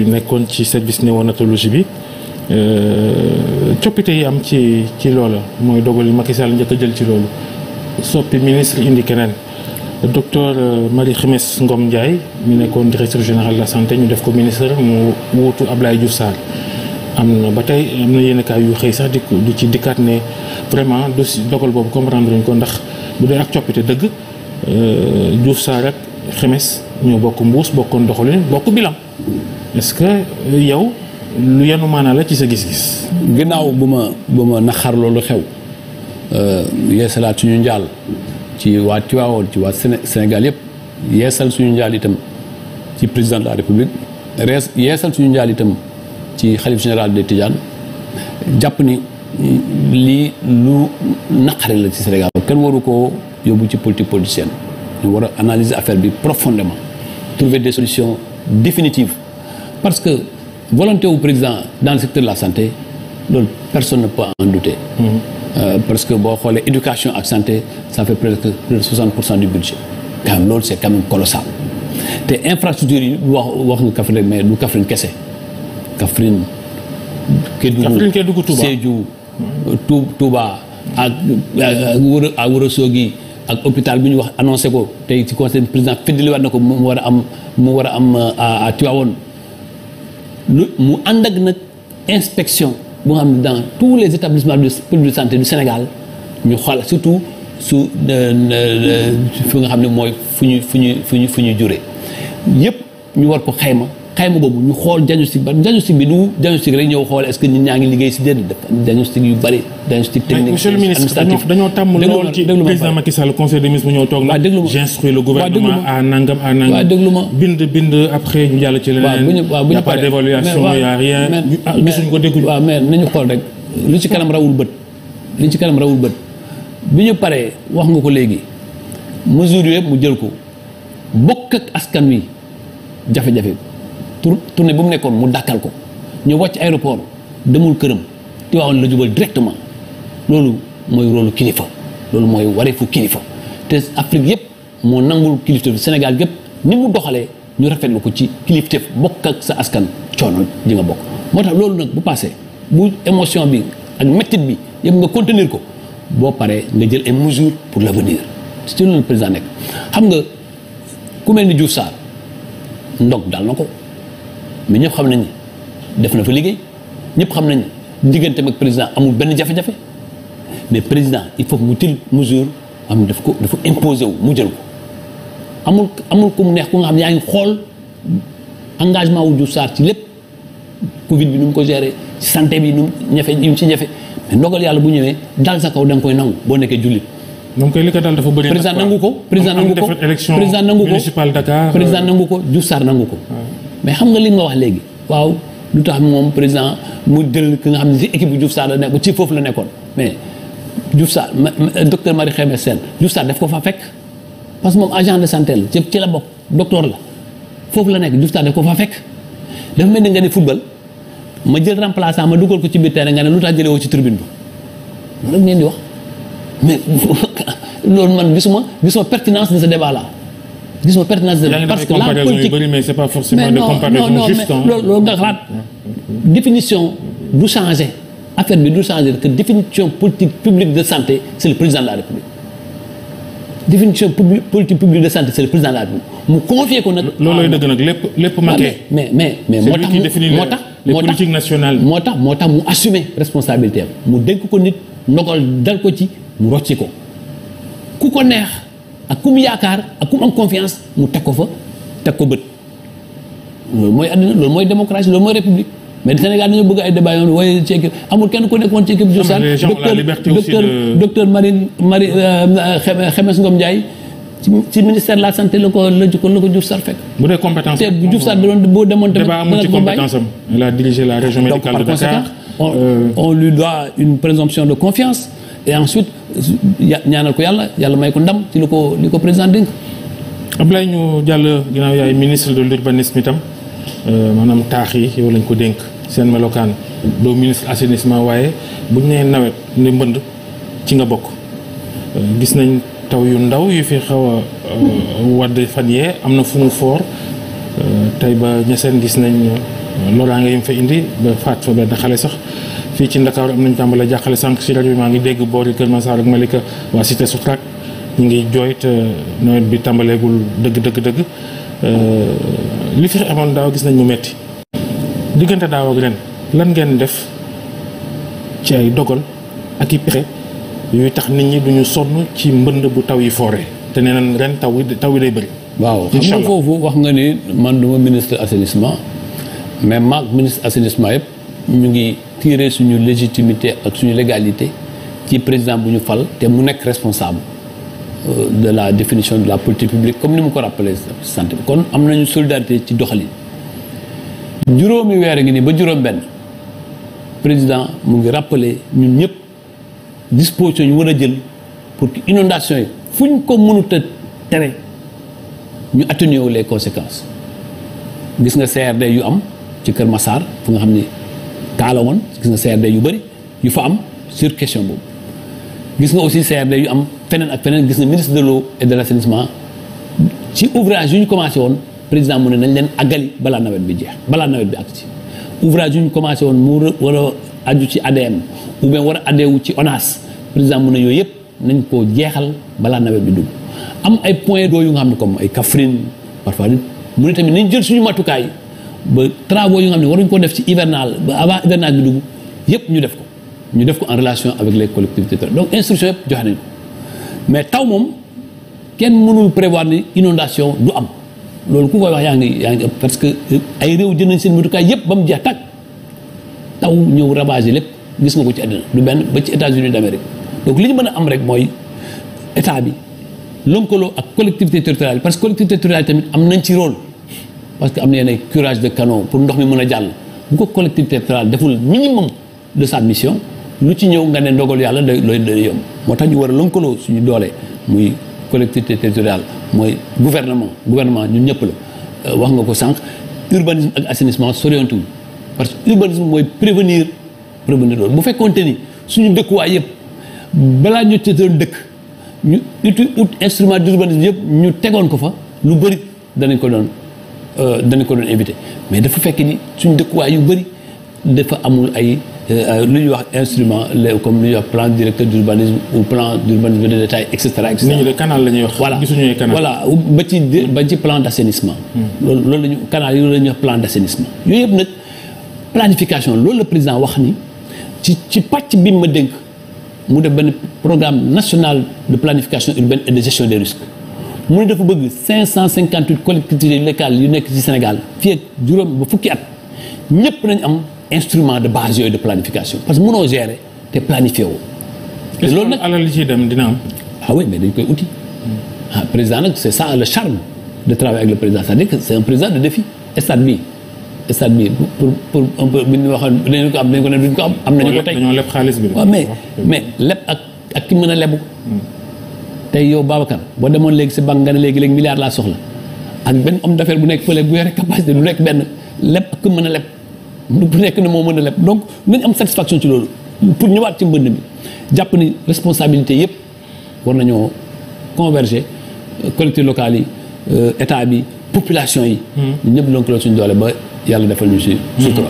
yu nekkoon ci service néonatologie bi euh, coppite yi am ci ci loola mooy dogal yi Macky Sall njëkk a jël ci loolu soppi ministre indi keneen docteur euh, Marie Khemesse ngoom Ndiaye mi nekkoon directeur général de la santé ñu def ko ministre mu wuutu Ablaye Diouf Sarr am na ba tey am na yenn kaay xëy sax di di ci dikkaat ne vraiment dosi dogal boobu comprendre ñu ko ndax bu dee ak coppite dëgg euh, Diouf Sarr ak Khemesse ñoo bokk mbuus bokkoon doxalin bokk bilam est que euh, yow lu yenu la ci sa gis-gis. ginnaaw bu ma bu ma naxar loolu xew euh, yeesalaat suñu njaal ci waa Tivaouane ci waa Sénégal yëpp yeesal suñu njaal itam ci président de la république rees yeesal suñu njaal itam ci xalif général de Tidiane jàpp ni lii lu naqare la ci Sénégal. kenn waru koo yóbbu ci politique politicienne ñu war a analyser affaire bi profondément trouver des solutions définitives. parce que volonté au président dans le secteur de la santé loolu personne ne peut en douter. Mhm. Euh, parce que boo xoolee éducation ak santé ça fait presque plus de 60 pour cent du budget. quand même loolu c' est quand même colossal te infrastructure yi wax wax nga Kaffrine mais du Kaffrine kese Kaffrine. Kaffrine Kédougou Touba Sédhiou mhm. ak wër ak wër Sogui ak hôpital bi ñu wax annoncé ko tey ci conseil président fëddaliwaat na ko mu war am mu war am a euh, Tivaouane. lu mu ànd ak nag inspection bu nga xam ne dans tous les établissements publics de santé du Sénégal ñu xool surtout su euh, euh, euh, fi nga xam ne mooy fu ñu fu ñu fu ñu fu ñu jure yëpp ñu war ko xayma xayma boobu ñu xool diagnostic ba diagnostic bi du diagnostic rek ñëw xool est-ce que nit ñaa ngi liggéey si déedéet dafa diagnostic yu bari diagnostic technique monsieur le ministre dañoo tàmm lool ci président Macky Sall conseil des ministres mu ñëw ma bind bind après ñu jàll ci leneen waaw d'évaluation y rien ah, gisuñu ko dégguñu waaw mais nañu xool rek lu ci kanam rawul bët lu ci kanam rawul bët bi ñu paree wax nga ko léegi mesures yëpp mu jël ko bokk ak askan wi jafe pour tournée bi mu nekkoon mu dàkkal ko ñu wàcc aéroport demul këram Tiwaawan la jubal directement loolu mooy rôlu kilifa loolu mooy fu kilifa te Afrique yëpp moo nangul kilifteef Sénégal yëpp ni mu doxalee ñu rafet rafetlu ko ci kilifteef bokk ak sa askan coono ji nga bokk moo tax loolu nag bu passé bu émotion bi ak mettit bi yëpp nga contenir ko boo paree nga jël ay mesures pour la l'avenir ci loolu président nekk xam nga ku mel ni Diouf ndog dal na ko mais ñëpp xam nañ def na fa liggéey ñëpp xam nañ diggante mag président amul benn jafe-jafe mais président il faut mu til mesure am daf ko dafa imposer wu mu jël ko amul amul ku mu neex ku nga xam ne yaa ngi xool engagement wu Diouf Sarr ci lépp Covid bi nu mu ko gérer santé bi nu mu ñafe yi mu ci ñafe mais ndogal yàlla bu ñëwee dal sa kaw da koy nangu boo nekkee jullit. donc li ko dal dafa bëri. président nangu ko président euh, nangu ko président nangu ko président nangu nangu ko. mais xam nga li nga wax léegi waaw lu tax moom président mu jël ki nga xam ne ci équipe bu Diouf Sarr la nekk ci foofu la nekkoon mais Diouf Sarr docteur Marie Khemesse Sène Diouf Sarr daf ko fa fekk parce que moom agent de santé la ci la bokk docteur la foofu la nekk Diouf Sarr ko fa fekk dafa mel ni nga ne football ma jël remplaçant ma dugal ko ci biir terrain nga ne lu tax jëlee woo ci tribune bi loolu ngeen di wax mais loolu man gisuma gisuma pertinence de ce débat gis nga pertinence de parce que la politique bëri mais c'est pas forcément de comparaison juste loolu nga du changé affaire bi du changé que définition politique publique de santé c'est le président de la République définition publique politique publique de santé c'est le président de la République mu confier ko nag. lépp lépp ah, manqué. mais mais mais moo tax moo tax les politiques moo tax moo tax mu assume responsabilité mu dénk ko nit ndogal dal ko ci mu rocci ko ku ko neex. ak ku yaakaar ak ku mu confiance mu teg ko fa teg ko bët loolu mooy àddina loolu mooy démocratie loolu mooy république mais Sénégal dañoo bëgg ay débat yoon waaye ci amul kenn ku nekkoon ci équipe sociale docteur docteur Marine Marie euh, Xemes Ngom Ndiaye ci ministère de la santé la ko la ko la ko Diouf Sarr fekk. bu dee compétence te Diouf Sarr doon boo demoon tamit. débat amul ci compétence am. il a dirigé la région médicale euh, de confiance. et ensuite ñaanal ko yàlla yàlla may ko ndam ci li ko li ko président dénk. Ablaye ñu jàll ginnaaw yaay ministre de l'urbanisme itam euh, maanaam taax yi yow lañ ko dénk seen melokaan doo ministre assainissement waaye buñ nee nawet ne mbënd ci nga bokk euh, gis nañ taw yu ndaw yu fi xaw a euh, wadd fan yee am na fu mu foor tey ba ña seen gis nañ loraa nga yim fa indi ba faat fa benn xale sax fii ci Ndakaaru am nañu tàmbale jàqale sànq si rajo bi maa ngi dégg boori Kër Massar ak Malika waa Cité Sotrac ñu ngi jooyt nawet bi tàmbaleegul dëgg dëgg dëgg euh, li fi amoon daaw gis nañ mu metti diggante daaw ak ren lan ngeen def ci ay dogal ak i pexe yuy tax nit ñi duñu sonn ci mbënd bu taw yi foore te nee nañ ren taw yi taw yi day bëri. waaw xam nga foofu wax nga ni man duma ministre assainissement mais maag ministre assainissement yëpp. ñu ngi tirer suñu légitimité ak suñu légalité ci président bu ñu fal te mu nekk responsable euh, de la définition de la politique publique comme ni mu ko rappelé santé bi kon am nañu solidarité ci doxalin juróomi weer a ngi nii ba juróom benn président mu ngi rappelé ñu ñëpp disposition ñu war a jël pour que inondation yi fu ñu ko mënut a tere ñu atténuer les conséquences gis nga CRD yu am ci Kër Massar fu nga xam ni taala woon gis nga CRD yu bëri yu fa am sur question boobu gis nga aussi CRD yu am feneen ak feneen gis nga ministre de l'eau et de l'assainissement ci ouvrage yu ñu commencé woon président mu ne nañ leen àggali balaa nawet bi jeex balaa nawet bi ak ci ouvrage yu ñu commencé woon mu war a aju ci ADM ou bien war a adeewu ci ONAS président mu ne yooyu yëpp nañ koo jeexal balaa nawet bi dugg am ay point d'eau yu nga xam ne comme ay Kaffrine parfois mu suñu matukaay ba travaux yu nga xam ne waruñu koo def ci hivernal ba avant hivernage bi dugg yëpp ñu def ko ñu def ko en relation avec les collectivités donc instruction yëpp joxe nañ mais taw moom kenn mënul prévoir ni inondation du am loolu ku koy wax yaa ngi yaa ngi parce que euh, ay réew jël nañ seen matukaay yëpp ba mu jeex tàkk taw ñëw ravager lépp gis nga ko ci àddina du benn ba ci États-Unis d'Amérique donc li ñu mën a am rek mooy état bi lënkaloo ak collectivité territoriale parce que collectivité tamit am nañ ci rôle parce que am na yenn curage de canaux pour ndox mi mën a jàll bu ko collectivité territoriale deful minimum de sa mission lu ci ñëw nga ne ndogalu yàlla day looy day yomb moo tax ñu war a lënkaloo suñu doolee muy collectivité territoriale mooy gouvernement gouvernement ñun ñëpp la euh, wax nga ko sànq urbanisme ak assainissement soriantuwul parce que urbanisme mooy prévenir prévenir loolu bu fekkoonte ni suñu dëkkuwaay yëpp balaa ñu ci doon dëkk ñu uti ut instrument d'urbanisme yëpp ñu tegoon ko fa lu bëri danañ ko doon Euh, dañ ko doon éviter mais dafa fekk ni suñ dëkkuwaay yu bëri dafa amul ay euh, lu ñuy wax instrument comme lu ñuy wax plan directeur d' urbanisme ou plan d' urbanisme de détail et cetera et cetera. nit de canal la ñuy wax. gisuñu ay canal voilà ba plan d' hmm. loolu la ñu canal plan d' assainissement. yooyu yëpp nag planification loolu la président wax ni ci ci pàcc bi ma dénk mu def benn programme national de planification urbaine et de gestion des risques. mu ne dafa bëgg 558 collectivités locales yu nekk ci Sénégal fii ak juróom ba fukki at ñëpp nañ am instrument de base yooyu de planification parce que mënoo gérer te planifié woo. te loolu nag dina am. ah oui dañ koy outil hmm. ah président nag c' est ça le charme de travailler avec le président c'est-à-dire ko am dinañ ko am. am nañu ko tey dañoo leb bi. waaw mais mais leb ak ak ki mën a lebu. Hmm. tey yow Babacar boo demoon léegi si banque nga ne léegi léegi milliard laa soxla ak benn homme d'affaires bu nekk fële bu yore capacité du nekk benn lépp ku mën a leb bu nekk ne moo mën a leb donc nañ am satisfaction ci loolu pour ñëwaat ci mbënd bi jàpp ni responsabilité yëpp war nañoo converger euh, collectivités locales yi euh, état bi population yi. Hmm. ñëpp lëkkaloo suñu doole ba yàlla defal ñu si. Hmm. sutura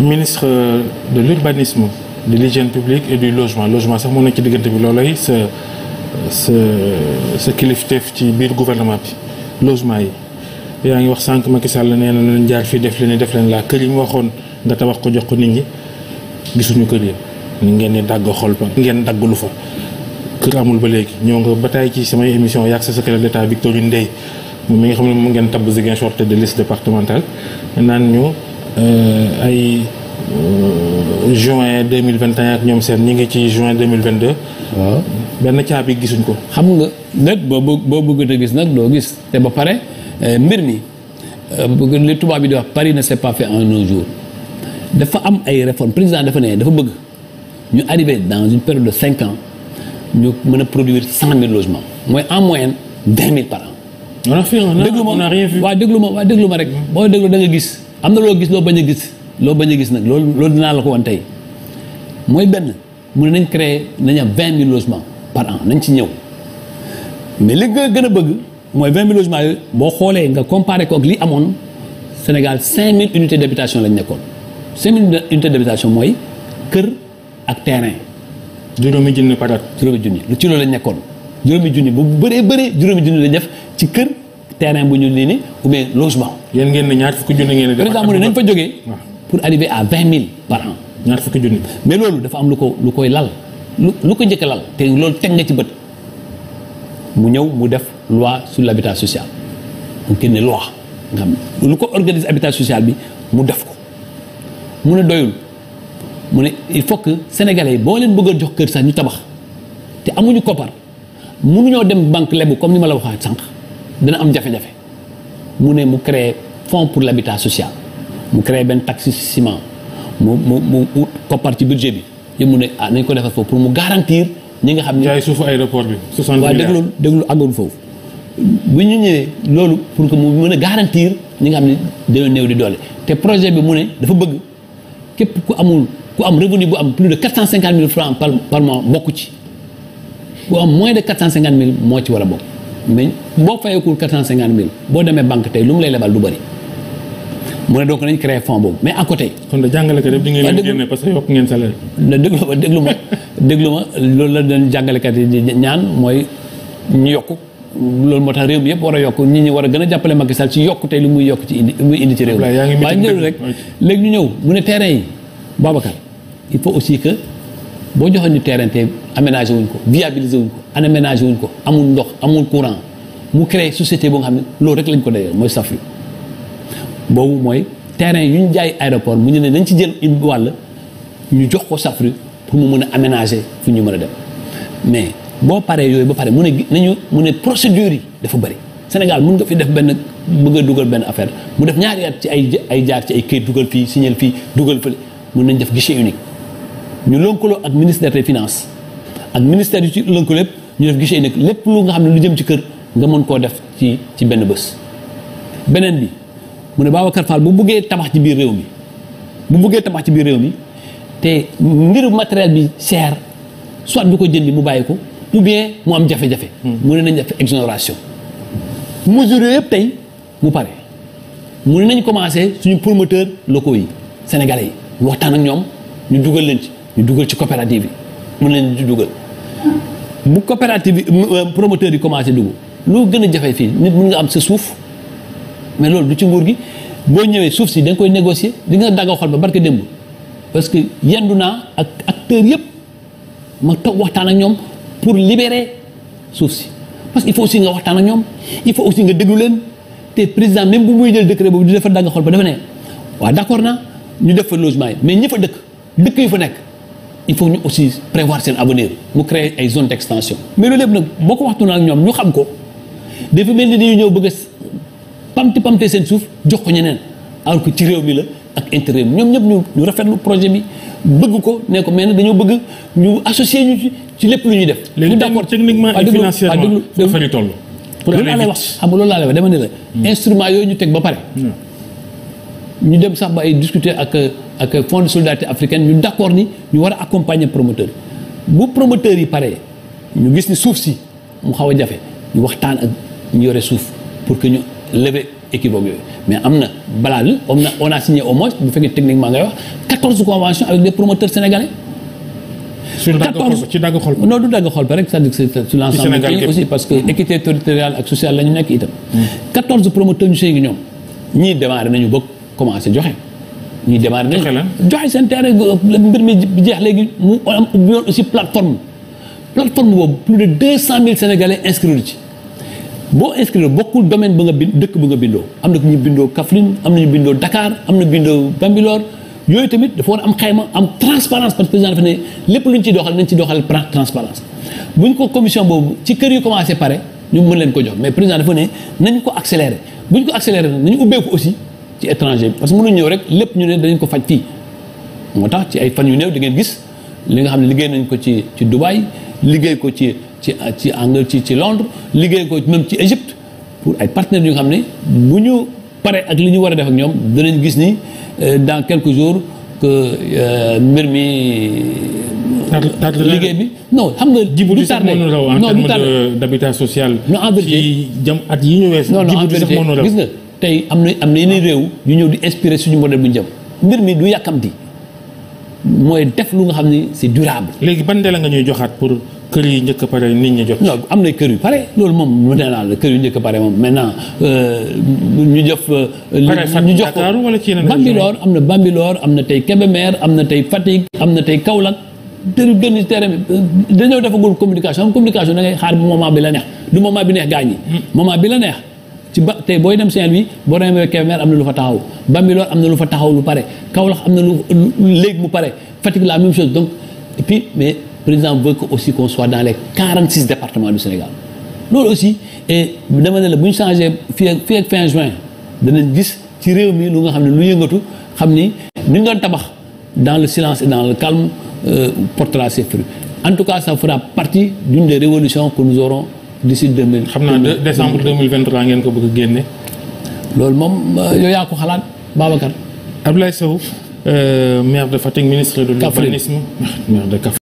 ministre euh, de l'urbanisme de l'hygiène publique et ci diggante bi loolay sa sa teef ci biir gouvernement bi logement yi yaa ngi wax sànq Macky Sall nee na leen jaar fii def leen def leen laa kër yi mu waxoon nga tabax ko jox ko nit ñi gisuñu kër yi ni ngeen di dagg xol ba ngeen dagg lu fa kër amul ba léegi ñëw nga ba tey ci samay émission yàgg sa secrétaire d'État Victorine Ndeye mi nga xam ne mu ngeen tabb Ziguinchor tête de liste départementale naan ñu euh, ay euh, juin 2021 ak ñoom seen ñi ngi ci juin 2022 waaw benn caabi gisuñ ko xam nga lépp boo boo bëgg a gis nag loo gis te ba pare eh, mbir mi eh, li tubaab bi di wax Paris ne s'est pas fait en un jour dafa am ay réformes président dafa ne dafa bëgg ñu arrivé dans une période de ñu mën a produir cent mille logements mooy en moyenne vingt mille par an. a fait on a rien vu waaw déglu ma waaw déglu ma rek boo déglu da nga gis am na loo gis loo bañ a gis loo bañ a gis nag loolu loolu dinaa la ko woon tey mooy benn mu ne nañ créer nañ am vingt mille par an nañ ci ñëw mais li nga gën a bëgg mooy vingt mille yooyu boo xoolee nga comparé ko ak li amoon Sénégal cinq mille unités d' habitation lañ nekkoon cinq mille d' habitation mooy kër ak terrain. juróomi junni par at. juróomi junni lu ci loolu lañ nekkoon juróomi junni bu bëree bëree juróomi junni lañ def ci kër terrain bu ñu nii ou bien logement. yéen ngeen ne ñaar fukki junni ngeen di. par exemple nañ fa jógee. pour arriver à vingt mille par an. ñaar fukki junni. mais loolu dafa am lu ko lu koy lal. lu lu ko njëkk lal te loolu teg nga ci bët mu ñëw mu def loi sur l'habitat social mu génne loi nga xam lu ko organise habitat social bi mu def ko mu a doyul mu ne il faut que sénégalais yi boo leen bëgg jox kër sax ñu tabax te amuñu koppar mënuñoo dem banque lebu comme ni ma la waxaat sànq dina am jafe-jafe mu ne mu créer fonds pour l'habitat social mu créer benn taxe ciment mu mu mu koppar ci budget bi ñu mun a ah, nañ ko defar foofu pour mu garantir ñi nga xam ne. jaay suufu aéroport bi. 60 milliards waaw foofu. bu ñu ñëwee loolu pour que mu mën a garantir ñi nga xam ne dañoo néew di doole te projet bi mu ne dafa bëgg képp ku amul ku am revenu bu am plus de 450 000 francs par par bokk bokku ci ku am moins de 450 moo ci war a bokk mais boo fayekul 450 000 boo demee banque tey lu mu lay lebal du bëri. mu ne donc nañ créé fonds boobu mais à côté. kon de déglu ma déglu ma déglu ma loolu la doon jàngalekat yi di ñaan mooy ñu yokk loolu moo tax réew mi yëpp war a yokk nit ñi war a gën a jàppale Macky Sall ci yokk tey lu muy yokk ci indi muy indi ci réew mi. waaye ñëw rek léegi ñëw mu ne terrain yi Babacar il faut aussi que boo joxoon ñu terrain te aménagé wuñ ko viabilisé wuñ ko aménagé wuñ ko amul ndox amul courant mu créé société boo nga xam ne loolu rek lañ ko dayoo mooy saf boobu mooy terrain yu ñu jaay aéroport mu ñu ne nañ ci jël une wàll ñu jox ko SAFRU pour mu mën a aménager fu ñu mën a dem mais boo paree yooyu ba pare mu ne nañu mu ne procédure yi dafa bëri Sénégal mun nga fi def benn bëgg a dugal benn affaire mu def ñaari ci ay ay jaar ci ay këyit dugal fii signal fii dugal fële mun nañ def guichet unique ñu lëkkaloo ak ministère des finance ak ministère yu ci lëkkaloo lépp ñu def guichet unique lépp lu nga xam ne lu jëm ci kër nga mën koo def ci ci benn bés beneen bi mu ne Babacar Fall bu buggee tabax ci biir réew mi bu buggee tamax ci biir réew mi te mbiru matériel bi cher soit du ko jëndi mu bàyyi ko ou bien mu am jafe-jafe. Hmm. mu ne nañ def yëpp tey mu pare mu nañ commencé suñu promoteur locaux yi sénégalais yi waxtaan ak ñoom ñu dugal leen ci ñu dugal ci coopérative yi mun nañ di dugal bu coopérative bi euh, promoteur yi commencé dugg lu gën a jafe fii nit mun nga am sa suuf. mais loolu du ci nguur gi boo ñëwee suuf si da koy négocier di nga daggaw xol ba barke démb parce que yendu naa ak acteurs yëpp ma toog waxtaan ak ñoom pour libérer suuf si parce que il faut aussi nga waxtaan ak ñoom il faut aussi nga déglu leen te président même bu muy jël décret boobu di dafa dagg xol ba dafa ne waaw na ñu def fa logement yi mais ñi fa dëkk dëkk yu fa nekk il faut ñu aussi prévoir seen avenir mu créer ay zone d'extension mais loolu lépp nag boo ko waxtu naa ak ñoom ñu xam ko dafa mel ni dañu ñëw bëgg pamti pamte seen suuf jox ko ñeneen alors que ci réew mi la ak intérêt ñoom ñëpp ñu ñu rafetlu projet bi bëgg ko ne ko mais nag dañoo bëgg ñu associé ñu ci lépp lu ñuy def. léegi d'accord techniquement ah, et financièrement ah, dafa di toll. loolu laa lay wax xam nga loolu laa lay wax dama ne la. Hmm. ñu teg ba pare. Hmm. ñu dem sax ba ay discuter ak ak fonds de solidarité africaine ñu d'accord ni ñu war a accompagner promoteur bu promoteur yi paree ñu gis ni suuf si mu xaw a jafe ñu waxtaan ak ñu yore suuf pour que ñu. lever équivoque yooyu mais am na balaa li am na on a signé au moins bu fekkee techniquement ngay wax quatorze conventions avec des promoteurs sénégalais. sur ci dagg xol non du dagg xol rek c'est-à-dire que sur l'ensemble du pays aussi parce que mm. équité territoriale ak sociale la ñu nekk itam. Mm. quatorze promoteurs ñu sey ngi ñoom ñii démarré nañu bëgg commencé joxe. ñuy démarré nañu joxe seen terrain mbir mi jeex léegi mu am ubbi woon aussi plateforme plateforme boobu plus de deux cent mille sénégalais inscrits ci. boo inscrire bokkul domaine ba nga bind dëkk ba nga bindoo am na ñu bindoo Kaffrine am na ñu bindoo Dakar am na bindoo Bambilor yooyu tamit dafa war a am xayma am transparence parce que président dafa ne lépp lu ñu ciy doxal nañ ci doxal transparence bu ñu ko commission boobu ci kër yu commencé pare ñu mën leen ko jox mais président dafa ne nañ ko accéléré bu ñu ko accéléré nañu ubbeeku aussi ci étranger bi parce que mënuñ ñëw rek lépp ñu ne danañ ko faj fii moo tax ci ay fan yu néew di ngeen gis li nga xam ne liggéey nañ ko ci ci Dubaï liggéey ko ci ci ci Angle ci ci Londres liggéey ko même ci Égypte pour ay partenaires yu nga xam ne bu ñu paree ak li ñu war a def ak ñoom danañ gis ni euh, dans quelques jours que euh, mbir mi. liggéey bi no xam nga. Djibouti sax moo ñu raw en terme d'habitat social. non en vérité ci jam at yi ñu wees. non non en vérité gis nga tey am na am na yeneen réew. yu ñëw di inspiré suñu modèle bu ñu jëm. mbir mi du yàkkamti mooy def lu nga xam ni c'est durable. léegi ban délai nga ñuy joxaat pour. kër yi njëkk pare nit ñi jot. non am na kër yu pare loolu moom mu ne la kër yu njëkk pare moom maintenant euh, ñu euh, ñu jox ko wala ci yeneen Bambilor am na Bambilor am na tey Kébémer am na tey Fatick am na tey Kaolack. dëru génn terrain bi euh, dañoo defagul communication communication da ngay xaar bu moment bi la neex du moment bi neex gaañ yi hmm. moment bi la neex ci ba tey booy dem Saint-Louis boo demee Kébémer am na lu fa taxaw Bambilor am na lu fa taxaw lu pare Kaolack am na lu léeg mu pare Fatick la même chose donc président veut que aussi qu'on soit dans les 46 départements du Sénégal loolu aussi et dama ne la bu ñu changé fii ak fii ak fin juin danañ gis ci réew mi lu nga xam ne lu yëngatu xam ni ni nga doon tabax dans le silence et dans le calme euh, portera ses fruits en tout cas ça fera partie d'une des révolutions que nous aurons d'ici deux xam naa décembre deux mille vingt-trois ngeen ko bëgg a génne. loolu moom euh, yow yaa ko xalaat Babacar. Abdoulaye Sow euh, maire de Fatick ministre de l'urbanisme maire